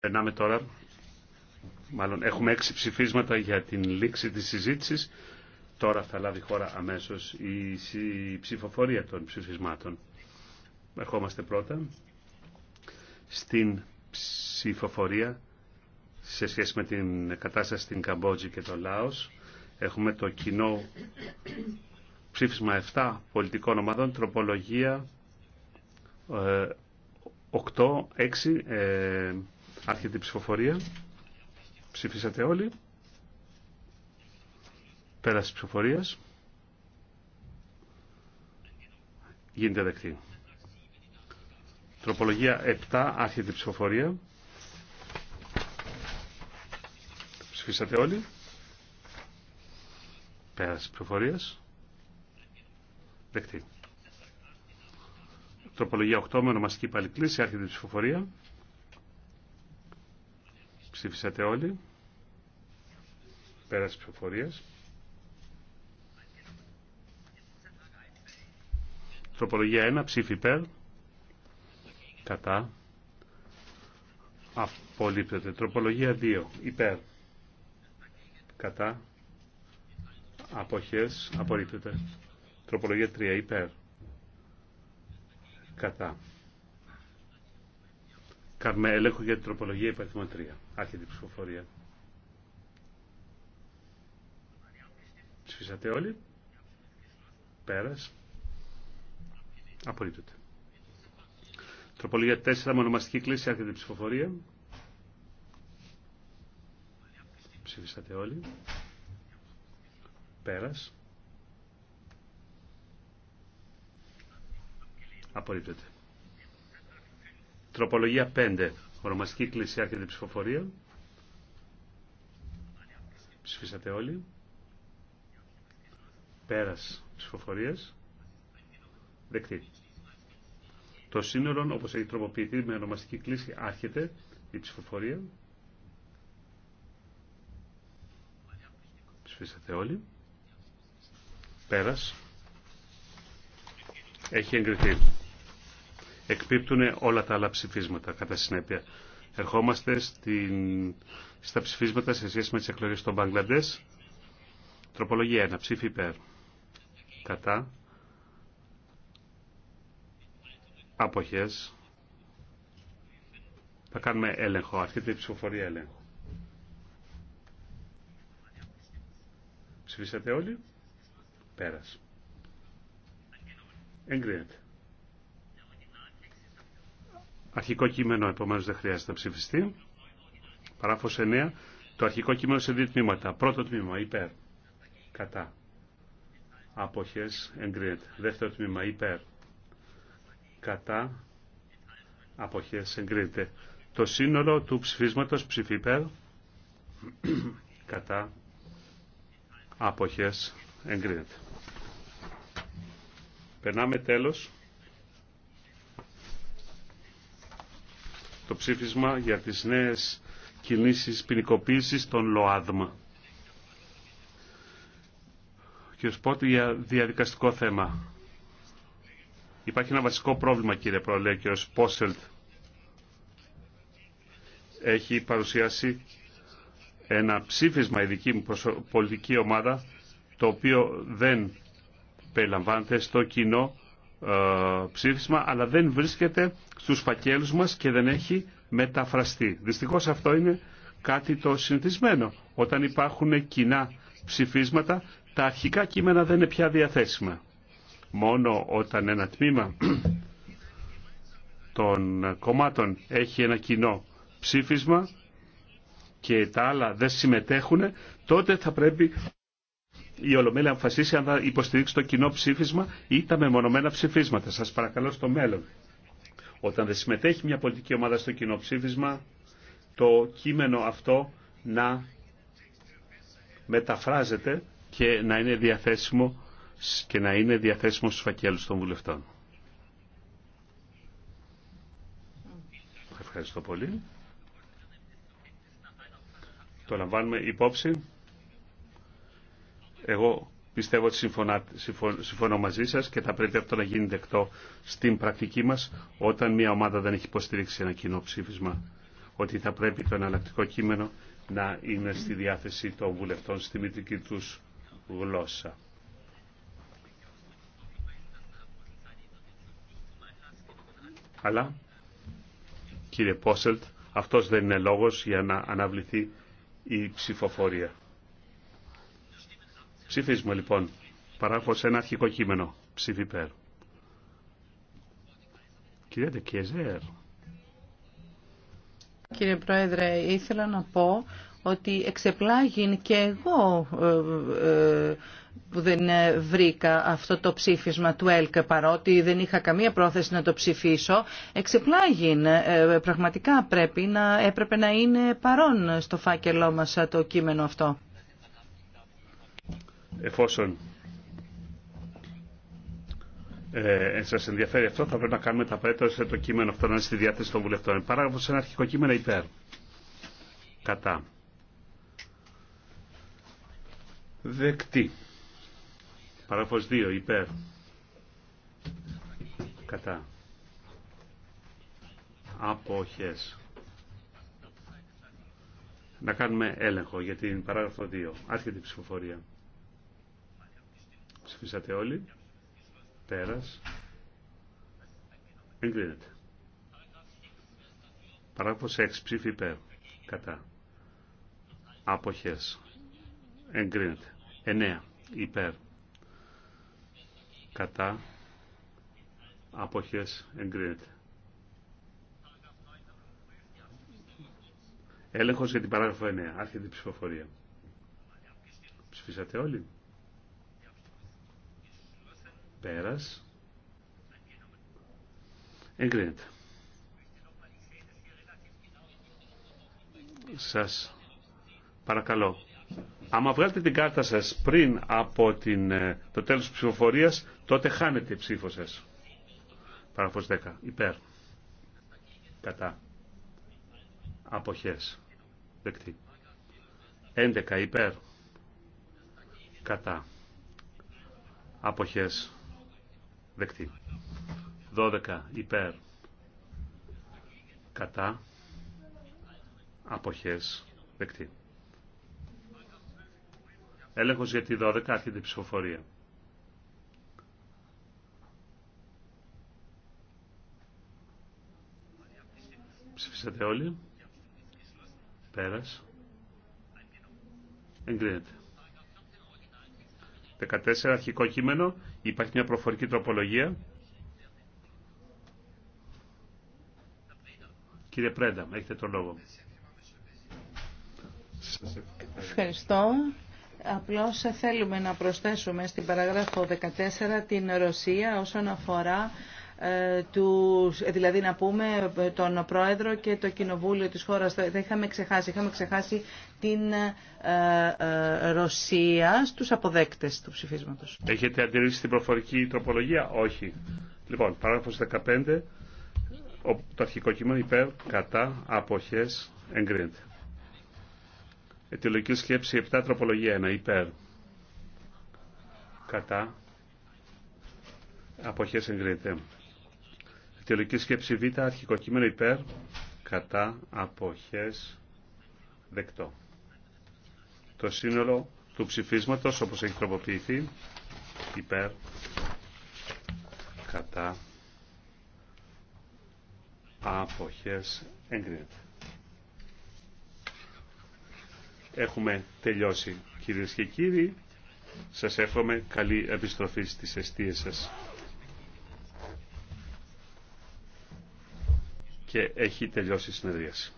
Περνάμε τώρα, μάλλον έχουμε έξι ψηφίσματα για την λήξη της συζήτησης. Τώρα θα λάβει χώρα αμέσως η ψηφοφορία των ψηφισμάτων. Ερχόμαστε πρώτα στην ψηφοφορία σε σχέση με την κατάσταση στην Καμπότζη και το Λάος. Έχουμε το κοινό ψήφισμα 7 πολιτικών ομάδων, τροπολογία 8, ε, 6, Άρχεται η ψηφοφορία. Ψηφίσατε όλοι. Πέραση ψηφοφορία. Γίνεται δεκτή. Τροπολογία 7. Άρχεται η ψηφοφορία. Ψηφίσατε όλοι. Πέραση ψηφοφορία. Δεκτή. Τροπολογία 8 με ονομαστική παλικλήση. Άρχεται η ψηφοφορία. Ψήφισατε όλοι. Πέρας ψηφοφορίας. Τροπολογία 1. Ψήφι υπέρ. Κατά. Απολύπτεται. Τροπολογία 2. Υπέρ. Κατά. Αποχές. απολύπτεται. Τροπολογία 3. Υπέρ. Κατά. Καρμέ, έλεγχο για την τροπολογία υπαριθμών 3. Άρχεται η ψηφοφορία. Ψηφίσατε όλοι. Πέρας. Απορρίπτεται. Τροπολογία 4 μονομαστική κλίση. Άρχεται η ψηφοφορία. Ψηφίσατε όλοι. Πέρας. Απορρίπτεται. Τροπολογία 5. Ονομαστική κλίση άρχεται ψηφοφορία. Ψηφίσατε όλοι. Πέρας ψηφοφορία, Δεκτή. Το σύνολο όπως έχει τροποποιηθεί με ονομαστική κλίση άρχεται η ψηφοφορία. Ψηφίσατε όλοι. Πέρας. Έχει εγκριθεί εκπίπτουν όλα τα άλλα ψηφίσματα κατά συνέπεια. Ερχόμαστε στην, στα ψηφίσματα σε σχέση με τις εκλογές των Μπαγκλαντές. Τροπολογία 1. Ψήφι υπέρ. Κατά. Αποχές. Θα κάνουμε έλεγχο. Αρχίζεται η ψηφοφορία έλεγχο. Ψηφίσατε όλοι. Πέρας. Εγκρίνεται. Αρχικό κείμενο επομένως δεν χρειάζεται να ψηφιστεί. Παράφος 9. Το αρχικό κείμενο σε δύο τμήματα. Πρώτο τμήμα υπέρ. Κατά. Αποχές εγκρίνεται. Δεύτερο τμήμα υπέρ. Κατά. Αποχές εγκρίνεται. Το σύνολο του ψηφίσματος ψηφί υπέρ. Κατά. Αποχές εγκρίνεται. Περνάμε τέλος το ψήφισμα για τις νέες κινήσεις ποινικοποίηση των ΛΟΑΔΜΑ. Κύριε Σπότη, για διαδικαστικό θέμα. Υπάρχει ένα βασικό πρόβλημα, κύριε Πρόεδρε, και ο Σπόσελτ έχει παρουσιάσει ένα ψήφισμα η δική μου πολιτική ομάδα, το οποίο δεν περιλαμβάνεται στο κοινό ε, ψήφισμα αλλά δεν βρίσκεται στους φακέλους μας και δεν έχει μεταφραστεί. Δυστυχώς αυτό είναι κάτι το συνηθισμένο. Όταν υπάρχουν κοινά ψηφίσματα τα αρχικά κείμενα δεν είναι πια διαθέσιμα. Μόνο όταν ένα τμήμα των κομμάτων έχει ένα κοινό ψήφισμα και τα άλλα δεν συμμετέχουν τότε θα πρέπει η Ολομέλεια αμφασίσει αν θα υποστηρίξει το κοινό ψήφισμα ή τα μεμονωμένα ψηφίσματα. Σας παρακαλώ στο μέλλον. Όταν δεν συμμετέχει μια πολιτική ομάδα στο κοινό ψήφισμα, το κείμενο αυτό να μεταφράζεται και να είναι διαθέσιμο και να είναι διαθέσιμο στους φακέλους των βουλευτών. Ευχαριστώ πολύ. Το λαμβάνουμε υπόψη. Εγώ πιστεύω ότι συμφωνώ, μαζί σας και θα πρέπει αυτό να γίνει δεκτό στην πρακτική μας όταν μια ομάδα δεν έχει υποστηρίξει ένα κοινό ψήφισμα ότι θα πρέπει το εναλλακτικό κείμενο να είναι στη διάθεση των βουλευτών στη μητρική τους γλώσσα. Αλλά, κύριε Πόσελτ, αυτός δεν είναι λόγος για να αναβληθεί η ψηφοφορία. Ψηφίζουμε λοιπόν. σε ένα αρχικό κείμενο. Ψήφι ΠΕΡ. Κυρία Κύριε Πρόεδρε, ήθελα να πω ότι εξεπλάγει και εγώ που ε, ε, δεν ε, βρήκα αυτό το ψήφισμα του ΕΛΚ παρότι δεν είχα καμία πρόθεση να το ψηφίσω. Εξεπλάγει. πραγματικά πρέπει να, έπρεπε να είναι παρόν στο φάκελό μας το κείμενο αυτό εφόσον ε, σα ενδιαφέρει αυτό, θα πρέπει να κάνουμε τα απαραίτητα σε το κείμενο αυτό να είναι στη διάθεση των βουλευτών. Παράγραφο ένα αρχικό κείμενο υπέρ. Κατά. Δεκτή. Παράγραφος 2 υπέρ. Κατά. Αποχές. Να κάνουμε έλεγχο για την παράγραφο 2. Άρχεται η ψηφοφορία. Ψηφίσατε όλοι. Πέρας. Εγκρίνεται. Παράγραφος 6. Ψήφι υπέρ. Κατά. Αποχές. Εγκρίνεται. 9. Υπέρ. Κατά. Αποχές. Εγκρίνεται. Έλεγχος για την παράγραφο 9. Άρχεται η ψηφοφορία. Ψηφίσατε όλοι. Πέρας. Εγκρίνεται. Σας παρακαλώ. Άμα βγάλετε την κάρτα σας πριν από την, ε, το τέλος της ψηφοφορίας, τότε χάνετε η ψήφο σας. Παραφό 10. Υπέρ. Κατά. Αποχές. Δεκτή. 11. Υπέρ. Κατά. Αποχές. Δεκτή. 12 υπέρ. Κατά. Αποχές. Δεκτή. Έλεγχος για τη 12 άρχεται η ψηφοφορία. Ψηφίσατε όλοι. Πέρας. Εγκρίνεται. 14 αρχικό κείμενο. Υπάρχει μια προφορική τροπολογία. Κύριε Πρέντα, έχετε το λόγο. Ευχαριστώ. Απλώς θέλουμε να προσθέσουμε στην παραγράφο 14 την Ρωσία όσον αφορά ε, τους, ε, δηλαδή να πούμε ε, τον Πρόεδρο και το Κοινοβούλιο της χώρας. Δεν είχαμε ξεχάσει, είχαμε ξεχάσει την Ρωσία στους αποδέκτες του ψηφίσματος. Έχετε αντιρρήσει την προφορική τροπολογία? Όχι. Λοιπόν, παράγραφος 15, το αρχικό κείμενο υπέρ, κατά, αποχές, εγκρίνεται. Ετιολογική σκέψη 7, τροπολογία 1, υπέρ, κατά, αποχές, εγκρίνεται. Τελική σκέψη Β, αρχικό κείμενο υπέρ, κατά, αποχές, δεκτό. Το σύνολο του ψηφίσματος όπως έχει τροποποιηθεί, υπέρ, κατά, αποχές, εγκρίνεται. Έχουμε τελειώσει κυρίες και κύριοι. Σας εύχομαι καλή επιστροφή στις αιστείες σας. και έχει τελειώσει η συνεδρίαση.